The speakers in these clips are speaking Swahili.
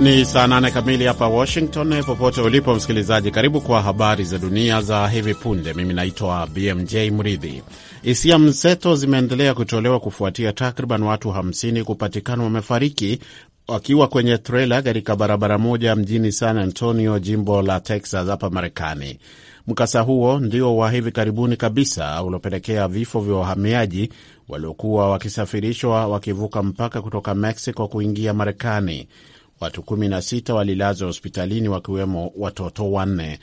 Ni saa nane kamili hapa Washington. Popote ulipo msikilizaji, karibu kwa habari za dunia za hivi punde. Mimi naitwa BMJ Mridhi. Hisia mseto zimeendelea kutolewa kufuatia takriban watu 50 kupatikana wamefariki wakiwa kwenye trela katika barabara moja mjini San Antonio, jimbo la Texas hapa Marekani. Mkasa huo ndio wa hivi karibuni kabisa uliopelekea vifo vya wahamiaji waliokuwa wakisafirishwa wakivuka mpaka kutoka Mexico kuingia Marekani. Watu 16 walilazwa hospitalini wakiwemo watoto wanne.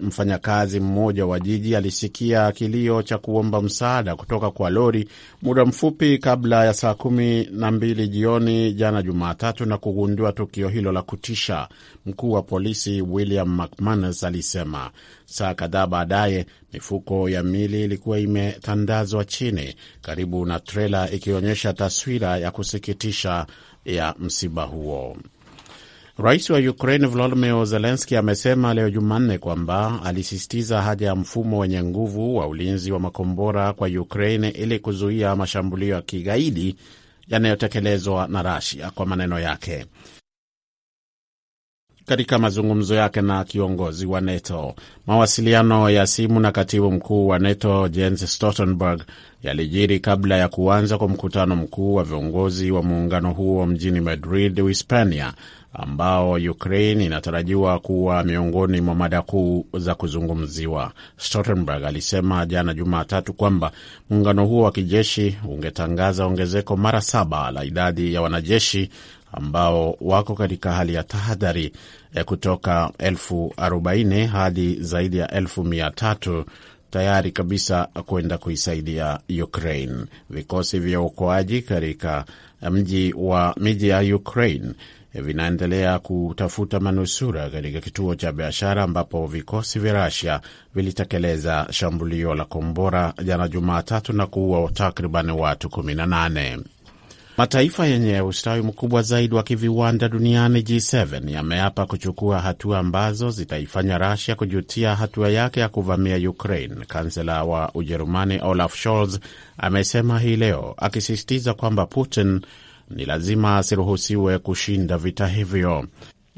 Mfanyakazi mmoja wa jiji alisikia kilio cha kuomba msaada kutoka kwa lori muda mfupi kabla ya saa kumi na mbili jioni jana Jumatatu na kugundua tukio hilo la kutisha. Mkuu wa polisi William McManus alisema saa kadhaa baadaye mifuko ya mili ilikuwa imetandazwa chini karibu na trela, ikionyesha taswira ya kusikitisha ya msiba huo. Rais wa Ukraine Volodymyr Zelenski amesema leo Jumanne kwamba alisisitiza haja ya mfumo wenye nguvu wa ulinzi wa makombora kwa Ukraine ili kuzuia mashambulio ya kigaidi yanayotekelezwa na Rasia, kwa maneno yake katika mazungumzo yake na kiongozi wa NATO. Mawasiliano ya simu na katibu mkuu wa NATO Jens Stoltenberg yalijiri kabla ya kuanza kwa mkutano mkuu wa viongozi wa muungano huo mjini Madrid, Uhispania, ambao Ukraine inatarajiwa kuwa miongoni mwa mada kuu za kuzungumziwa. Stoltenberg alisema jana Jumatatu kwamba muungano huo wa kijeshi ungetangaza ongezeko mara saba la idadi ya wanajeshi ambao wako katika hali ya tahadhari e, kutoka elfu arobaini hadi zaidi ya elfu mia tatu tayari kabisa kwenda kuisaidia Ukraine. Vikosi vya uokoaji katika mji wa miji ya Ukraine vinaendelea kutafuta manusura katika kituo cha biashara ambapo vikosi vya Rusia vilitekeleza shambulio la kombora jana Jumatatu na kuua takriban watu 18. Mataifa yenye ustawi mkubwa zaidi wa kiviwanda duniani G7 yameapa kuchukua hatua ambazo zitaifanya rasia kujutia hatua yake ya kuvamia Ukraine. Kansela wa Ujerumani Olaf Scholz amesema hii leo akisisitiza kwamba Putin ni lazima asiruhusiwe kushinda vita hivyo.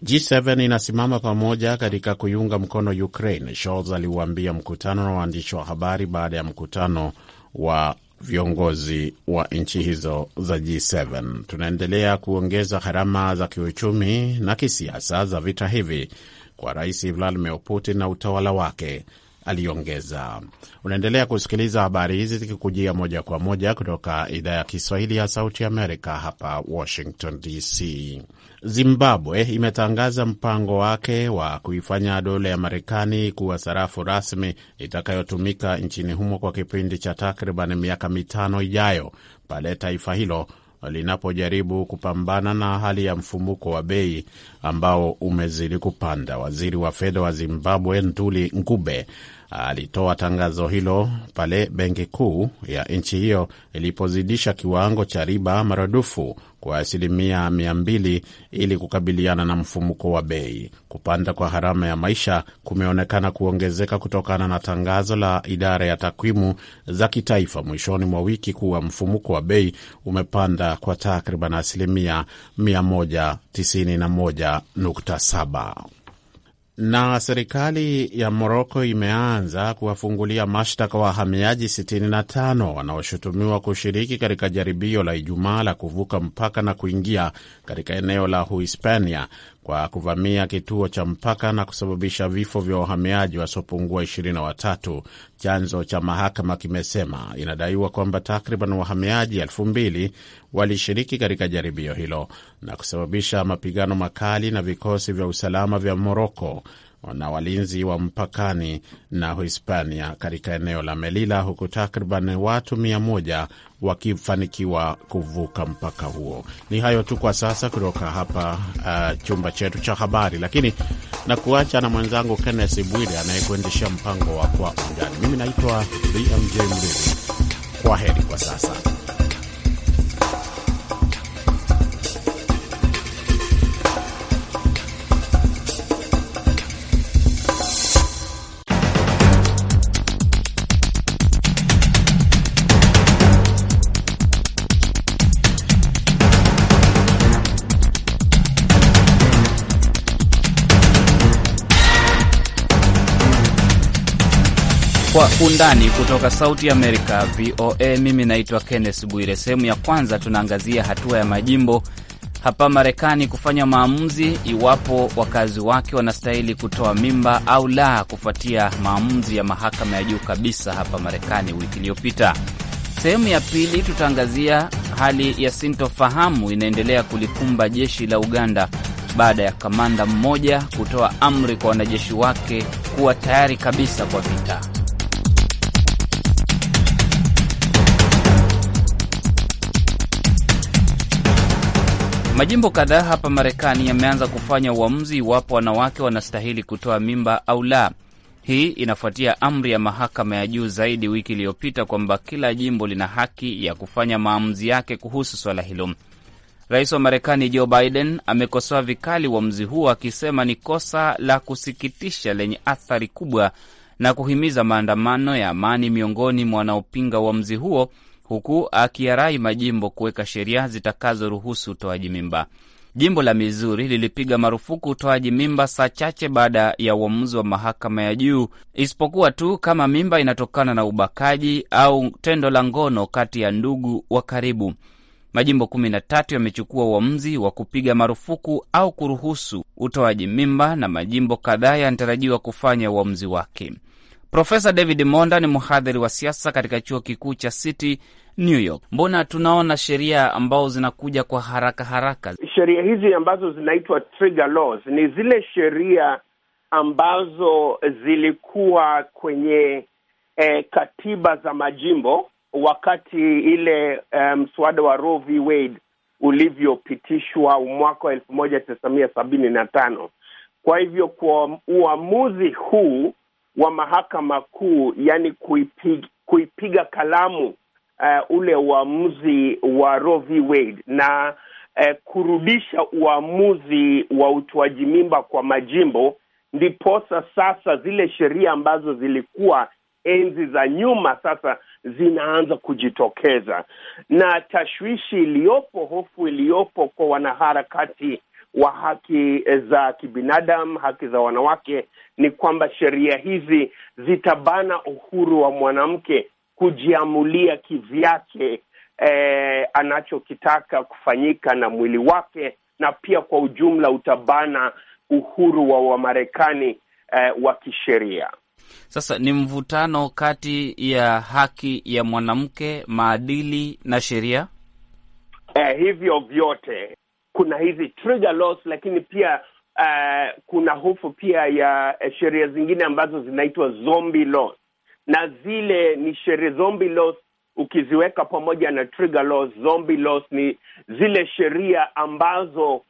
G7 inasimama pamoja katika kuiunga mkono Ukraine, Scholz aliuambia mkutano na waandishi wa habari baada ya mkutano wa viongozi wa nchi hizo za G7. Tunaendelea kuongeza gharama za kiuchumi na kisiasa za vita hivi kwa Rais Vladimir Putin na utawala wake, aliongeza. Unaendelea kusikiliza habari hizi zikikujia moja kwa moja kutoka idhaa ya Kiswahili ya Sauti Amerika, hapa Washington DC. Zimbabwe imetangaza mpango wake wa kuifanya dola ya Marekani kuwa sarafu rasmi itakayotumika nchini humo kwa kipindi cha takriban miaka mitano ijayo pale taifa hilo linapojaribu kupambana na hali ya mfumuko wa bei ambao umezidi kupanda. Waziri wa fedha wa Zimbabwe Ntuli Ngube Alitoa tangazo hilo pale benki kuu ya nchi hiyo ilipozidisha kiwango cha riba maradufu kwa asilimia 200 ili kukabiliana na mfumuko wa bei. Kupanda kwa gharama ya maisha kumeonekana kuongezeka kutokana na tangazo la idara ya takwimu za kitaifa mwishoni mwa wiki kuwa mfumuko wa bei umepanda kwa takriban asilimia 191.7. Na serikali ya Moroko imeanza kuwafungulia mashtaka wahamiaji 65 wanaoshutumiwa kushiriki katika jaribio la Ijumaa la kuvuka mpaka na kuingia katika eneo la Uhispania kwa kuvamia kituo cha mpaka na kusababisha vifo vya wahamiaji wasiopungua 23, chanzo cha mahakama kimesema. Inadaiwa kwamba takriban wahamiaji elfu mbili walishiriki katika jaribio hilo na kusababisha mapigano makali na vikosi vya usalama vya Moroko na walinzi wa mpakani na Hispania katika eneo la melila huku takriban watu mia moja wakifanikiwa kuvuka mpaka huo. Ni hayo tu kwa sasa kutoka hapa uh, chumba chetu cha habari, lakini na kuacha na mwenzangu kennes Bwire anayekuendeshea mpango wa Kwa Undani. Mimi naitwa BMJ mrili kwa heri kwa sasa. Kwa Undani kutoka Sauti Amerika VOA. Mimi naitwa Kenneth Bwire. Sehemu ya kwanza tunaangazia hatua ya majimbo hapa Marekani kufanya maamuzi iwapo wakazi wake wanastahili kutoa mimba au la, kufuatia maamuzi ya mahakama ya juu kabisa hapa Marekani wiki iliyopita. Sehemu ya pili tutaangazia hali ya sintofahamu inaendelea kulikumba jeshi la Uganda baada ya kamanda mmoja kutoa amri kwa wanajeshi wake kuwa tayari kabisa kwa vita. Majimbo kadhaa hapa Marekani yameanza kufanya uamuzi iwapo wanawake wanastahili kutoa mimba au la. Hii inafuatia amri ya mahakama ya juu zaidi wiki iliyopita kwamba kila jimbo lina haki ya kufanya maamuzi yake kuhusu swala hilo. Rais wa Marekani Joe Biden amekosoa vikali uamuzi huo akisema ni kosa la kusikitisha lenye athari kubwa na kuhimiza maandamano ya amani miongoni mwa wanaopinga uamuzi huo huku akiarai majimbo kuweka sheria zitakazoruhusu utoaji mimba. Jimbo la Mizuri lilipiga marufuku utoaji mimba saa chache baada ya uamuzi wa mahakama ya juu, isipokuwa tu kama mimba inatokana na ubakaji au tendo la ngono kati ya ndugu wa karibu. Majimbo kumi na tatu yamechukua uamuzi wa kupiga marufuku au kuruhusu utoaji mimba na majimbo kadhaa yanatarajiwa kufanya uamuzi wake. Profesa David Monda ni mhadhiri wa siasa katika chuo kikuu cha City New York. Mbona tunaona sheria ambao zinakuja kwa haraka haraka? Sheria hizi ambazo zinaitwa trigger laws ni zile sheria ambazo zilikuwa kwenye eh, katiba za majimbo wakati ile eh, mswada um, wa Roe v. Wade ulivyopitishwa mwaka wa elfu moja tisa mia sabini na tano. Kwa hivyo kwa uamuzi huu wa mahakama kuu, yani kuipiga, kuipiga kalamu uh, ule uamuzi wa Roe v. Wade na uh, kurudisha uamuzi wa utoaji mimba kwa majimbo, ndiposa sasa zile sheria ambazo zilikuwa enzi za nyuma sasa zinaanza kujitokeza, na tashwishi iliyopo, hofu iliyopo kwa wanaharakati wa haki eh, za kibinadamu, haki za wanawake, ni kwamba sheria hizi zitabana uhuru wa mwanamke kujiamulia kivyake eh, anachokitaka kufanyika na mwili wake, na pia kwa ujumla utabana uhuru wa Wamarekani eh, wa kisheria. Sasa ni mvutano kati ya haki ya mwanamke, maadili na sheria eh, hivyo vyote kuna hizi trigger laws, lakini pia uh, kuna hofu pia ya eh, sheria zingine ambazo zinaitwa zombie laws, na zile ni sheria zombie laws ukiziweka pamoja na trigger laws, zombie laws ni zile sheria ambazo uh,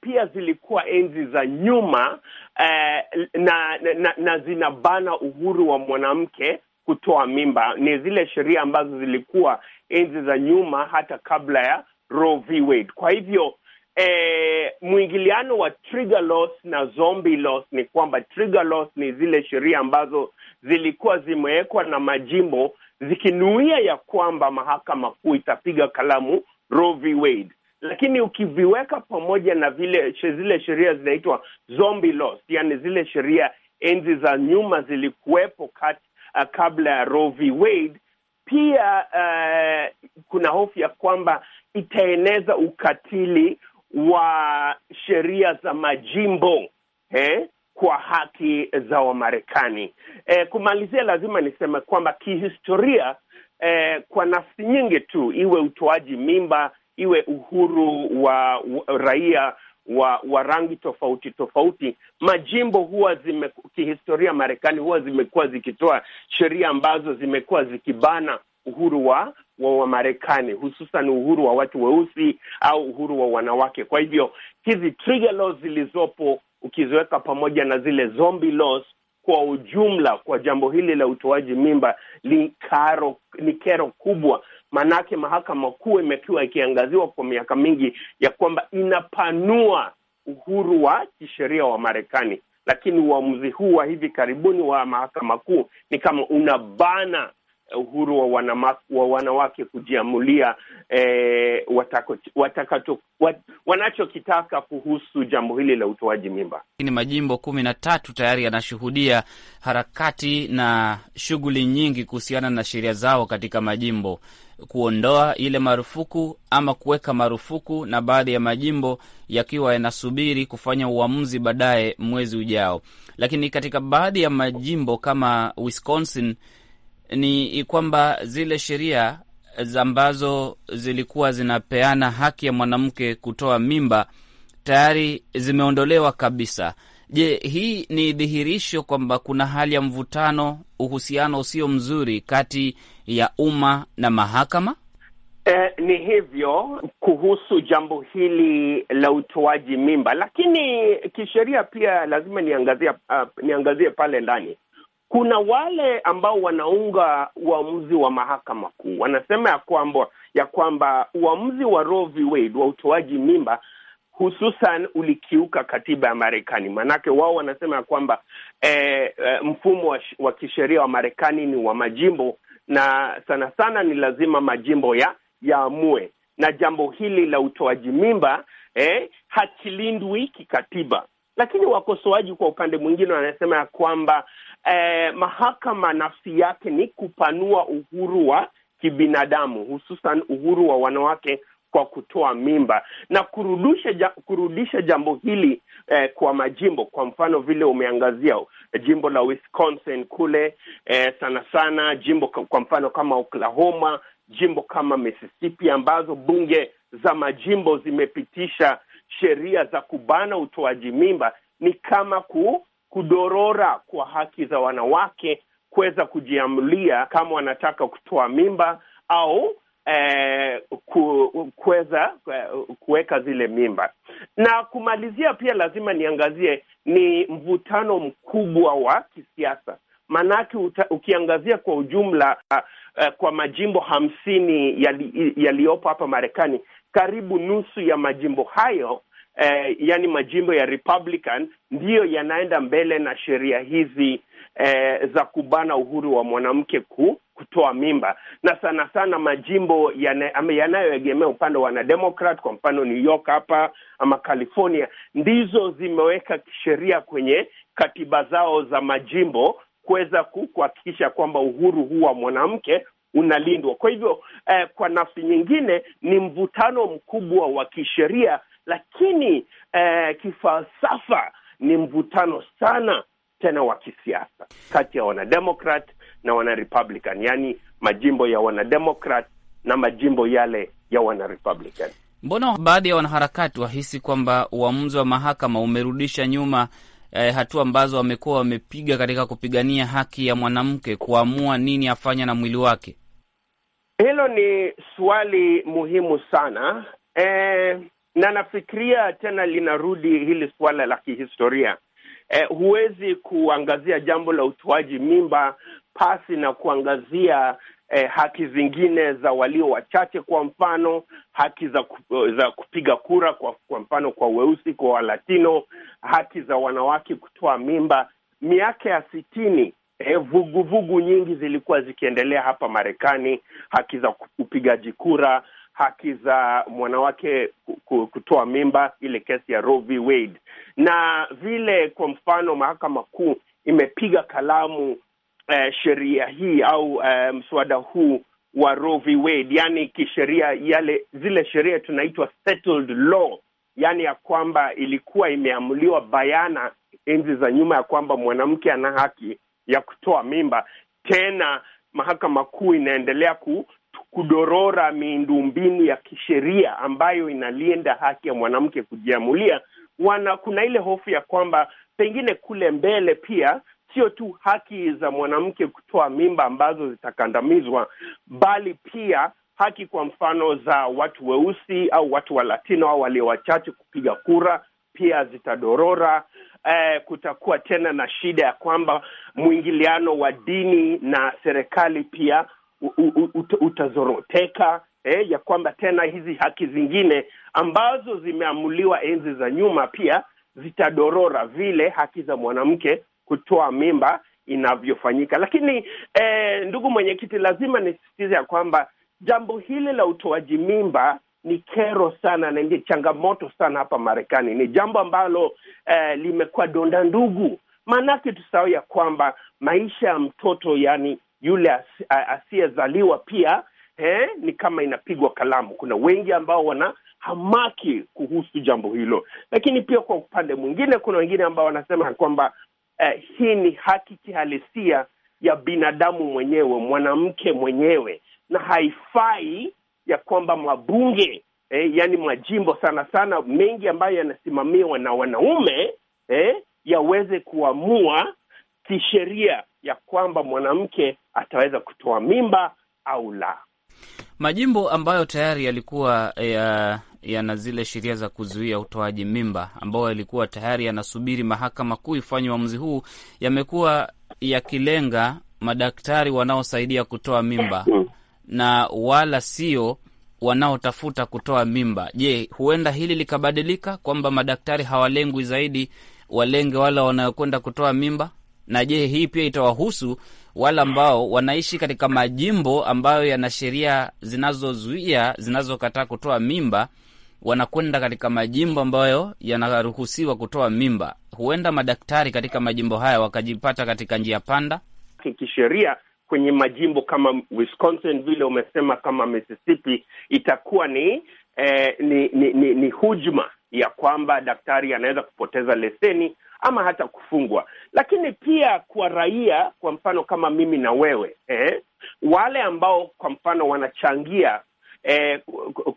pia zilikuwa enzi za nyuma uh, na, na, na zinabana uhuru wa mwanamke kutoa mimba. Ni zile sheria ambazo zilikuwa enzi za nyuma hata kabla ya Roe v. Wade. Kwa hivyo eh, mwingiliano wa trigger na zombie loss ni kwamba trigger ni zile sheria ambazo zilikuwa zimewekwa na majimbo zikinuia ya kwamba mahakama kuu itapiga kalamu Roe v. Wade, lakini ukiviweka pamoja na vile zile sheria zinaitwa zombie laws, yani zile sheria enzi za nyuma zilikuwepo kat, uh, kabla ya Roe v. Wade pia uh, kuna hofu ya kwamba itaeneza ukatili wa sheria za majimbo eh, kwa haki za Wamarekani. Eh, kumalizia, lazima niseme kwamba kihistoria, eh, kwa nafsi nyingi tu, iwe utoaji mimba, iwe uhuru wa, wa raia wa wa rangi tofauti tofauti, majimbo huwa zime, kihistoria Marekani huwa zimekuwa zikitoa sheria ambazo zimekuwa zikibana uhuru wa wa Wamarekani, hususan uhuru wa watu weusi au uhuru wa wanawake. Kwa hivyo hizi trigger laws zilizopo ukiziweka pamoja na zile zombie laws kwa ujumla kwa jambo hili la utoaji mimba ni ni kero kubwa, maanake mahakama kuu imekuwa ikiangaziwa kwa miaka mingi ya kwamba inapanua uhuru wa kisheria wa Marekani, lakini uamuzi huu wa hivi karibuni wa mahakama kuu ni kama unabana Eh, uhuru wa, wanama, wa wanawake kujiamulia eh, watako, watakato, wat, wanachokitaka kuhusu jambo hili la utoaji mimba. Ni majimbo kumi na tatu tayari yanashuhudia harakati na shughuli nyingi kuhusiana na sheria zao katika majimbo kuondoa ile marufuku ama kuweka marufuku, na baadhi ya majimbo yakiwa yanasubiri kufanya uamuzi baadaye mwezi ujao. Lakini katika baadhi ya majimbo kama Wisconsin ni kwamba zile sheria ambazo zilikuwa zinapeana haki ya mwanamke kutoa mimba tayari zimeondolewa kabisa. Je, hii ni dhihirisho kwamba kuna hali ya mvutano, uhusiano usio mzuri kati ya umma na mahakama? Eh, ni hivyo kuhusu jambo hili la utoaji mimba, lakini kisheria pia lazima niangazie, uh, niangazie pale ndani kuna wale ambao wanaunga uamuzi wa mahakama kuu, wanasema ya kwamba ya kwamba uamuzi wa Roe v. Wade wa utoaji mimba hususan ulikiuka katiba ya Marekani. Maanake wao wanasema ya kwamba eh, eh mfumo wa, wa kisheria wa Marekani ni wa majimbo na sana sana ni lazima majimbo ya yaamue, na jambo hili la utoaji mimba eh, hakilindwi kikatiba. Lakini wakosoaji kwa upande mwingine wanasema ya kwamba eh, mahakama nafsi yake ni kupanua uhuru wa kibinadamu hususan uhuru wa wanawake kwa kutoa mimba na kurudisha ja, kurudisha jambo hili eh, kwa majimbo. Kwa mfano vile umeangazia eh, jimbo la Wisconsin kule eh, sana sana jimbo kwa mfano kama Oklahoma, jimbo kama Mississippi ambazo bunge za majimbo zimepitisha sheria za kubana utoaji mimba, ni kama ku kudorora kwa haki za wanawake kuweza kujiamulia kama wanataka kutoa mimba au eh, kuweza eh, kuweka zile mimba. Na kumalizia, pia lazima niangazie ni mvutano mkubwa wa kisiasa maanake ukiangazia kwa ujumla uh, kwa majimbo hamsini yaliyopo yali hapa Marekani, karibu nusu ya majimbo hayo eh, yani majimbo ya Republican ndiyo yanaenda mbele na sheria hizi eh, za kubana uhuru wa mwanamke ku kutoa mimba na sana sana majimbo yanayoegemea upande wa wanademokrat, kwa mfano New York hapa ama California, ndizo zimeweka sheria kwenye katiba zao za majimbo kuweza kuhakikisha kwamba uhuru huu wa mwanamke unalindwa. Kwa hivyo eh, kwa nafsi nyingine ni mvutano mkubwa wa kisheria lakini eh, kifalsafa ni mvutano sana tena wa kisiasa kati ya wanademokrat na wanarepublican, yaani majimbo ya wanademokrat na majimbo yale ya wanarepublican. Mbona baadhi ya wanaharakati wahisi kwamba uamuzi wa mahakama umerudisha nyuma eh, hatua ambazo wamekuwa wamepiga katika kupigania haki ya mwanamke kuamua nini afanya na mwili wake? Hilo ni swali muhimu sana eh, na nafikiria tena linarudi hili suala la kihistoria. Eh, huwezi kuangazia jambo la utoaji mimba pasi na kuangazia eh, haki zingine za walio wachache, kwa mfano haki za, za kupiga kura kwa, kwa mfano kwa weusi, kwa Walatino, haki za wanawake kutoa mimba. Miaka ya sitini eh, vuguvugu eh, vugu nyingi zilikuwa zikiendelea hapa Marekani, haki za upigaji kura, haki za mwanawake kutoa mimba, ile kesi ya Roe v. Wade, na vile kwa mfano mahakama kuu imepiga kalamu eh, sheria hii au eh, mswada huu wa Roe v. Wade, yani kisheria, yale zile sheria tunaitwa settled law, yani ya kwamba ilikuwa imeamuliwa bayana enzi za nyuma ya kwamba mwanamke ana haki ya kutoa mimba. Tena mahakama kuu inaendelea ku kudorora miundombinu ya kisheria ambayo inalinda haki ya mwanamke kujiamulia, wana kuna ile hofu ya kwamba pengine kule mbele pia sio tu haki za mwanamke kutoa mimba ambazo zitakandamizwa, bali pia haki kwa mfano za watu weusi au watu wa Latino au walio wachache kupiga kura pia zitadorora. Eh, kutakuwa tena na shida ya kwamba mwingiliano wa dini na serikali pia utazoroteka eh, ya kwamba tena hizi haki zingine ambazo zimeamuliwa enzi za nyuma pia zitadorora vile haki za mwanamke kutoa mimba inavyofanyika. Lakini eh, ndugu mwenyekiti, lazima nisisitize ya kwamba jambo hili la utoaji mimba ni kero sana na ni changamoto sana hapa Marekani. Ni jambo ambalo eh, limekuwa donda ndugu, maanake tusahau ya kwamba maisha ya mtoto yani yule asiyezaliwa pia eh, ni kama inapigwa kalamu. Kuna wengi ambao wana hamaki kuhusu jambo hilo, lakini pia kwa upande mwingine kuna wengine ambao wanasema kwamba eh, hii ni haki kihalisia ya binadamu mwenyewe, mwanamke mwenyewe, na haifai ya kwamba mabunge eh, yani majimbo sana sana mengi ambayo yanasimamiwa na wanaume eh, yaweze kuamua kisheria ya kwamba mwanamke ataweza kutoa mimba au la. Majimbo ambayo tayari yalikuwa ya yana zile sheria za kuzuia utoaji mimba ambayo yalikuwa tayari yanasubiri mahakama kuu ifanye uamuzi huu, yamekuwa yakilenga madaktari wanaosaidia kutoa mimba hmm. na wala sio wanaotafuta kutoa mimba. Je, huenda hili likabadilika kwamba madaktari hawalengwi zaidi, walenge wale wanaokwenda kutoa mimba? Na je, hii pia itawahusu wale ambao wanaishi katika majimbo ambayo yana sheria zinazozuia, zinazokataa kutoa mimba wanakwenda katika majimbo ambayo yanaruhusiwa kutoa mimba. Huenda madaktari katika majimbo haya wakajipata katika njia panda kisheria. Kwenye majimbo kama Wisconsin, vile umesema, kama Mississippi, itakuwa ni, eh, ni, ni, ni, ni hujuma ya kwamba daktari anaweza kupoteza leseni ama hata kufungwa lakini pia kwa raia, kwa mfano kama mimi na wewe eh, wale ambao kwa mfano wanachangia eh,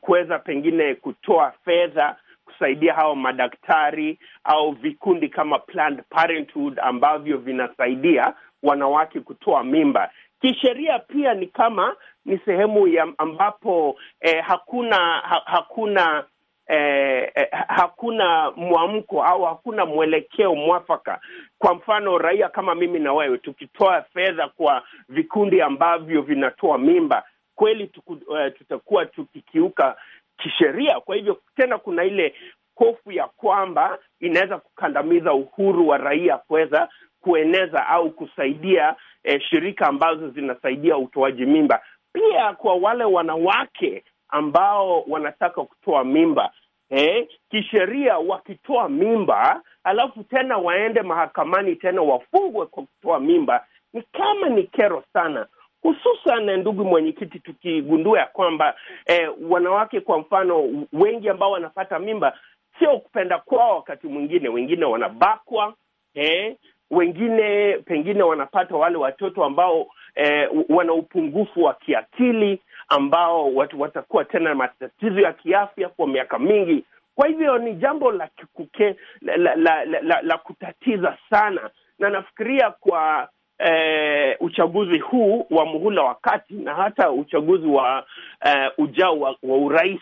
kuweza pengine kutoa fedha kusaidia hawa madaktari au vikundi kama Planned Parenthood ambavyo vinasaidia wanawake kutoa mimba kisheria pia ni kama ni sehemu ya ambapo eh, hakuna ha, hakuna eh, eh, hakuna mwamko au hakuna mwelekeo mwafaka. Kwa mfano, raia kama mimi na wewe tukitoa fedha kwa vikundi ambavyo vinatoa mimba kweli tuku, eh, tutakuwa tukikiuka kisheria. Kwa hivyo tena kuna ile hofu ya kwamba inaweza kukandamiza uhuru wa raia kuweza kueneza au kusaidia eh, shirika ambazo zinasaidia utoaji mimba. Pia kwa wale wanawake ambao wanataka kutoa mimba eh, kisheria wakitoa mimba alafu tena waende mahakamani tena wafungwe kwa kutoa mimba, ni kama ni kero sana, hususan eh, ndugu mwenyekiti, tukigundua ya kwamba eh, wanawake kwa mfano wengi ambao wanapata mimba sio kupenda kwao, wakati mwingine wengine wanabakwa eh, wengine pengine wanapata wale watoto ambao eh, wana upungufu wa kiakili ambao watu watakuwa tena matatizo ya kiafya kwa miaka mingi. Kwa hivyo ni jambo la kikuke la, la, la, la, la kutatiza sana, na nafikiria kwa eh, uchaguzi huu wa muhula wa kati na hata uchaguzi wa eh, ujao wa, wa urais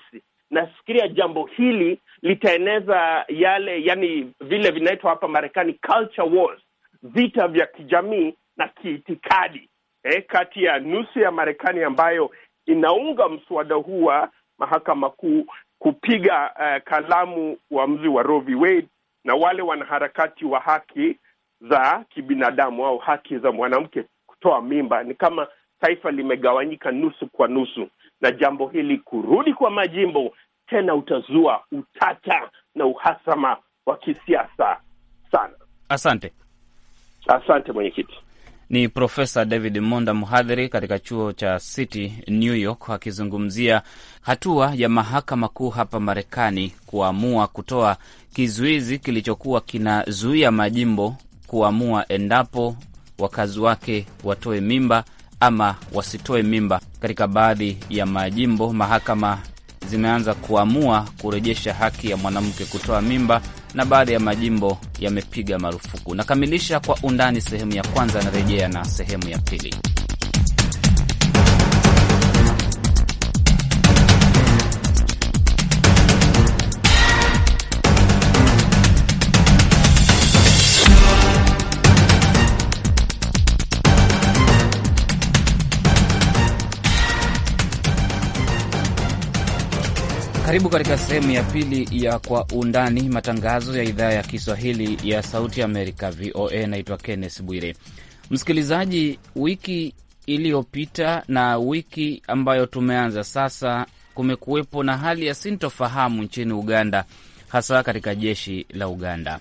nafikiria jambo hili litaeneza yale yani vile vinaitwa hapa Marekani culture wars, vita vya kijamii na kiitikadi eh, kati ya nusu ya Marekani ambayo inaunga mswada huu wa mahakama kuu kupiga uh, kalamu uamuzi wa, Roe v. Wade na wale wanaharakati wa haki za kibinadamu au haki za mwanamke kutoa mimba. Ni kama taifa limegawanyika nusu kwa nusu, na jambo hili kurudi kwa majimbo tena utazua utata na uhasama wa kisiasa sana. Asante, asante mwenyekiti. Ni Profesa David Monda, mhadhiri katika chuo cha City New York, akizungumzia hatua ya mahakama kuu hapa Marekani kuamua kutoa kizuizi kilichokuwa kinazuia majimbo kuamua endapo wakazi wake watoe mimba ama wasitoe mimba. Katika baadhi ya majimbo, mahakama zimeanza kuamua kurejesha haki ya mwanamke kutoa mimba na baadhi ya majimbo yamepiga marufuku. Nakamilisha kwa undani sehemu ya kwanza, anarejea na sehemu ya pili. Karibu katika sehemu ya pili ya Kwa Undani, matangazo ya idhaa ya Kiswahili ya Sauti Amerika, VOA. Naitwa Kenneth Bwire. Msikilizaji, wiki iliyopita na wiki ambayo tumeanza sasa, kumekuwepo na hali ya sintofahamu nchini Uganda, hasa katika jeshi la Uganda.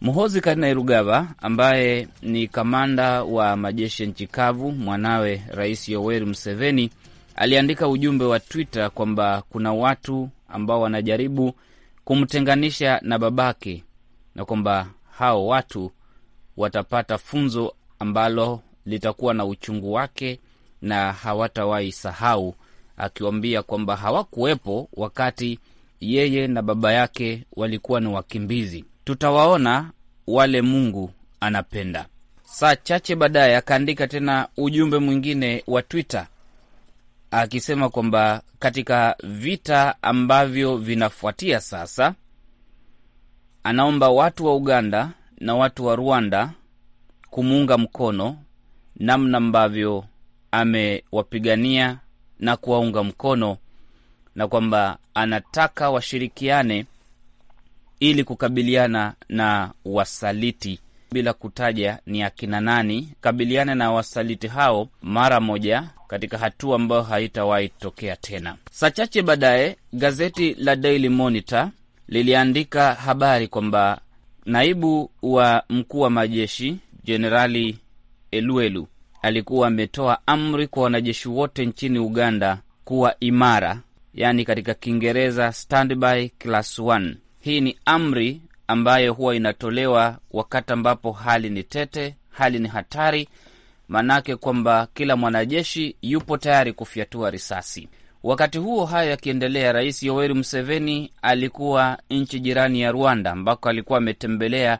Muhozi Kainerugaba ambaye ni kamanda wa majeshi ya nchi kavu, mwanawe Rais Yoweri Museveni aliandika ujumbe wa Twitter kwamba kuna watu ambao wanajaribu kumtenganisha na babake na kwamba hao watu watapata funzo ambalo litakuwa na uchungu wake na hawatawahi sahau, akiwambia kwamba hawakuwepo wakati yeye na baba yake walikuwa ni wakimbizi. Tutawaona wale Mungu anapenda. Saa chache baadaye akaandika tena ujumbe mwingine wa Twitter akisema kwamba katika vita ambavyo vinafuatia sasa, anaomba watu wa Uganda na watu wa Rwanda kumuunga mkono namna ambavyo amewapigania na kuwaunga mkono na kwamba anataka washirikiane ili kukabiliana na wasaliti bila kutaja ni akina nani, kabiliana na wasaliti hao mara moja katika hatua ambayo haitawahi tokea tena. Saa chache baadaye gazeti la Daily Monitor liliandika habari kwamba naibu wa mkuu wa majeshi Jenerali Eluelu alikuwa ametoa amri kwa wanajeshi wote nchini Uganda kuwa imara, yaani katika Kiingereza standby class 1. Hii ni amri ambayo huwa inatolewa wakati ambapo hali ni tete, hali ni hatari, maanake kwamba kila mwanajeshi yupo tayari kufyatua risasi. Wakati huo hayo yakiendelea, Rais Yoweri Museveni alikuwa nchi jirani ya Rwanda ambako alikuwa ametembelea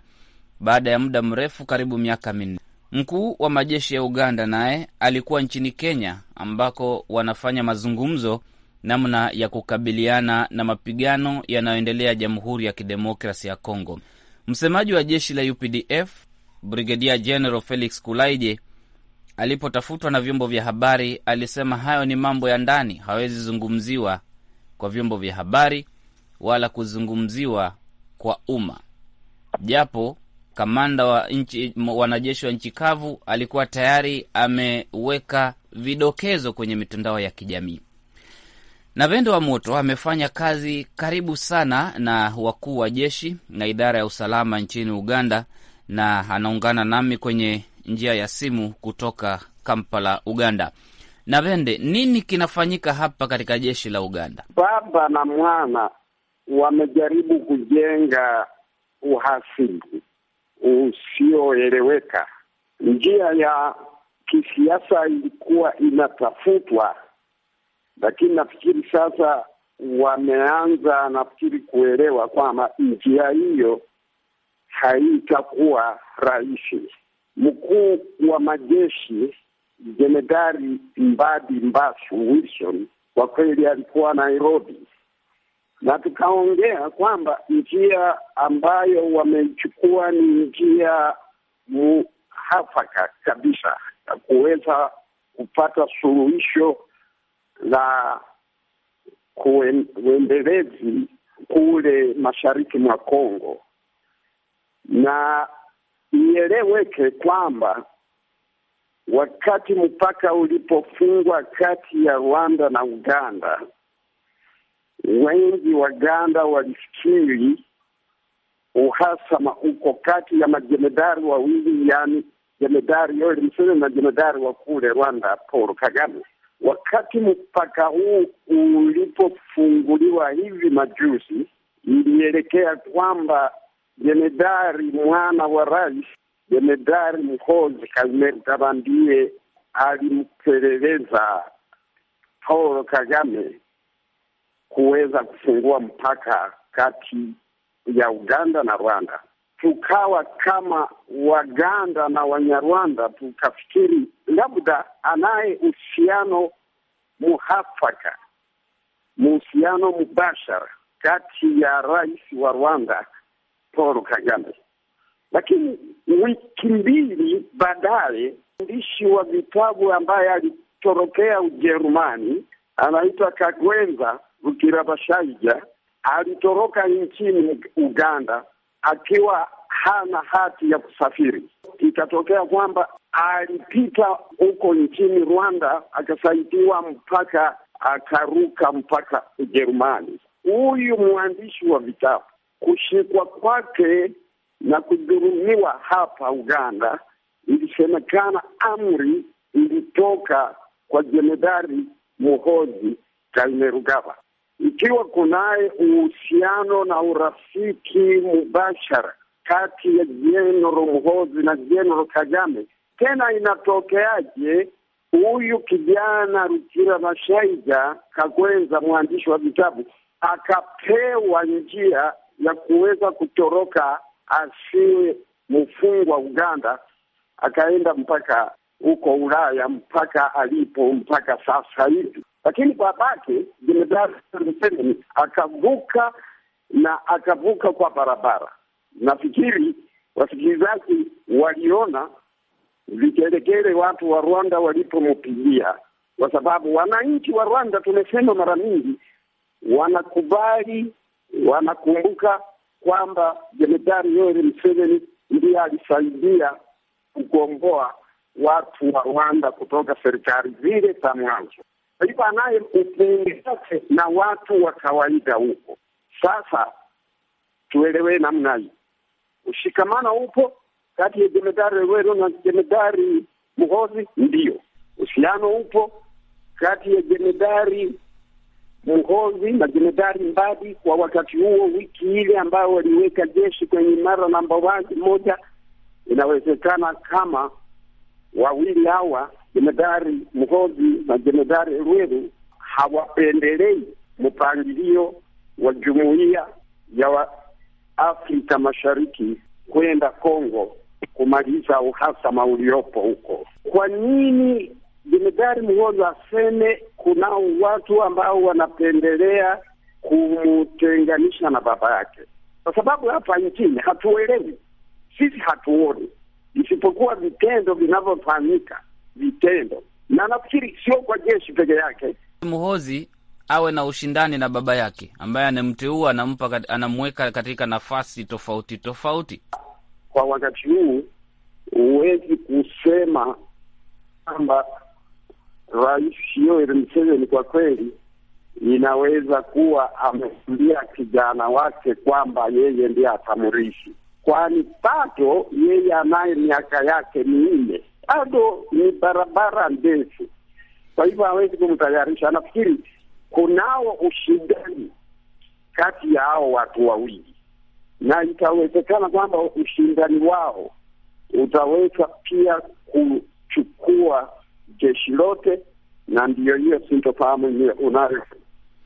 baada ya muda mrefu, karibu miaka minne. Mkuu wa majeshi ya Uganda naye alikuwa nchini Kenya ambako wanafanya mazungumzo namna ya kukabiliana na mapigano yanayoendelea Jamhuri ya Kidemokrasi ya Kongo. Msemaji wa jeshi la UPDF Brigedia General Felix Kulaije alipotafutwa na vyombo vya habari alisema hayo ni mambo ya ndani, hawezi zungumziwa kwa vyombo vya habari wala kuzungumziwa kwa umma, japo kamanda wa nchi, wanajeshi wa nchi kavu alikuwa tayari ameweka vidokezo kwenye mitandao ya kijamii. Navende wa Moto amefanya kazi karibu sana na wakuu wa jeshi na idara ya usalama nchini Uganda, na anaungana nami kwenye njia ya simu kutoka Kampala, Uganda. Navende, nini kinafanyika hapa katika jeshi la Uganda? Baba na mwana wamejaribu kujenga uhasidi usioeleweka. Njia ya kisiasa ilikuwa inatafutwa lakini nafikiri sasa wameanza nafikiri kuelewa kwamba njia hiyo haitakuwa rahisi. Mkuu wa majeshi Jenerali Mbadi Mbasu Wilson kwa kweli alikuwa Nairobi, na tukaongea kwamba njia ambayo wameichukua ni njia muhafaka kabisa ya kuweza kupata suluhisho la kuendelezi kule mashariki mwa Kongo, na ieleweke kwamba wakati mpaka ulipofungwa kati ya Rwanda na Uganda, wengi Waganda walifikiri uhasama uko kati ya majemedari wawili, yani jemedari Yoweri Museveni na jemedari wa kule Rwanda Paul Kagame. Wakati mpaka huu ulipofunguliwa hivi majuzi, ilielekea kwamba jemedari mwana wa rais jemedari mkozi Kainerugaba ndiye alimpeleleza Paul Kagame kuweza kufungua mpaka kati ya Uganda na Rwanda tukawa kama Waganda na Wanyarwanda, tukafikiri labda anaye uhusiano muhafaka, muhusiano mubashara kati ya rais wa Rwanda Paul Kagame. Lakini wiki mbili baadaye, mwandishi wa vitabu ambaye alitorokea Ujerumani anaitwa Kagwenza Rukirabashaija alitoroka nchini Uganda akiwa hana hati ya kusafiri. Ikatokea kwamba alipita huko nchini Rwanda akasaidiwa mpaka akaruka mpaka Ujerumani. Huyu mwandishi wa vitabu kushikwa kwake na kudhulumiwa hapa Uganda, ilisemekana amri ilitoka kwa jemedari muhozi Kainerugaba, ikiwa kunaye uhusiano na urafiki mubashara kati ya General Muhozi na General Kagame. Tena inatokeaje huyu kijana rukira Mashaija Kagwenza, mwandishi wa vitabu, akapewa njia ya kuweza kutoroka asiwe mfungwa Uganda, akaenda mpaka huko Ulaya mpaka alipo mpaka sasa hivi. Lakini babake Jemedari Museveni akavuka na akavuka kwa barabara Nafikiri wasikilizaji waliona vikelekele watu wa Rwanda walipompigia, kwa sababu wananchi wa Rwanda tumesema mara nyingi, wanakubali wanakumbuka kwamba jemedari Yoweri mseveni ndiye alisaidia kukomboa watu wa Rwanda kutoka serikali zile za mwanzo. hivyo anaye na watu wa kawaida huko. Sasa tuelewe namna hii. Ushikamano upo kati ya jemedari Rwero na jemedari Muhozi, ndiyo. Uhusiano upo kati ya jemedari Muhozi na jemedari Mbadi kwa wakati huo, wiki ile ambayo waliweka jeshi kwenye mara namba moja. Inawezekana kama wawili hawa jemedari Muhozi na jemedari Rweru hawapendelei mpangilio wa jumuiya ya wa Afrika Mashariki kwenda Kongo kumaliza uhasama uliopo huko. Kwa nini jemedari Mhoza aseme kunao watu ambao wanapendelea kumutenganisha na baba yake? Kwa sababu hapa nchini hatuelewi, sisi hatuoni, isipokuwa vitendo vinavyofanyika, vitendo na nafikiri sio kwa jeshi peke yake. Muhozi awe na ushindani na baba yake ambaye anamteua, anampa, anamweka katika nafasi tofauti tofauti. Kwa wakati huu huwezi kusema kwamba Rais Yoweri Museveni kwa kweli inaweza kuwa ameambia kijana wake kwamba yeye ndiye atamrishi, kwani bado yeye anaye miaka yake minne, bado ni barabara ndefu. Kwa hivyo hawezi kumtayarisha. Nafikiri kunao ushindani kati ya hao watu wawili, na itawezekana kwamba ushindani wao utaweza pia kuchukua jeshi lote, na ndiyo hiyo sintofahamu unayo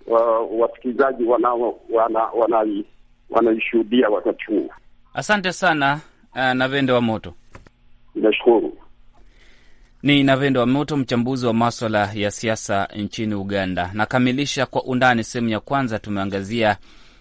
uh, wasikilizaji wanaishuhudia wana, wana, wana wakati huu. Asante sana uh, na vende wa moto, nashukuru. Ni Navendo moto mchambuzi wa maswala ya siasa nchini Uganda. Nakamilisha kwa undani sehemu ya kwanza. Tumeangazia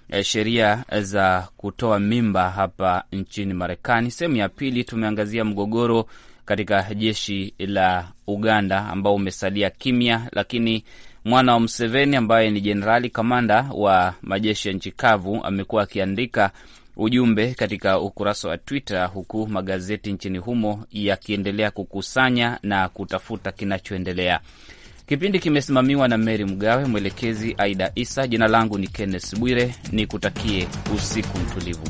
eh, sheria za kutoa mimba hapa nchini Marekani. Sehemu ya pili tumeangazia mgogoro katika jeshi la Uganda ambao umesalia kimya, lakini mwana wa Mseveni ambaye ni jenerali kamanda wa majeshi ya nchi kavu amekuwa akiandika ujumbe katika ukurasa wa Twitter, huku magazeti nchini humo yakiendelea kukusanya na kutafuta kinachoendelea. Kipindi kimesimamiwa na Meri Mgawe, mwelekezi Aida Isa. Jina langu ni Kenneth Bwire, ni kutakie usiku mtulivu.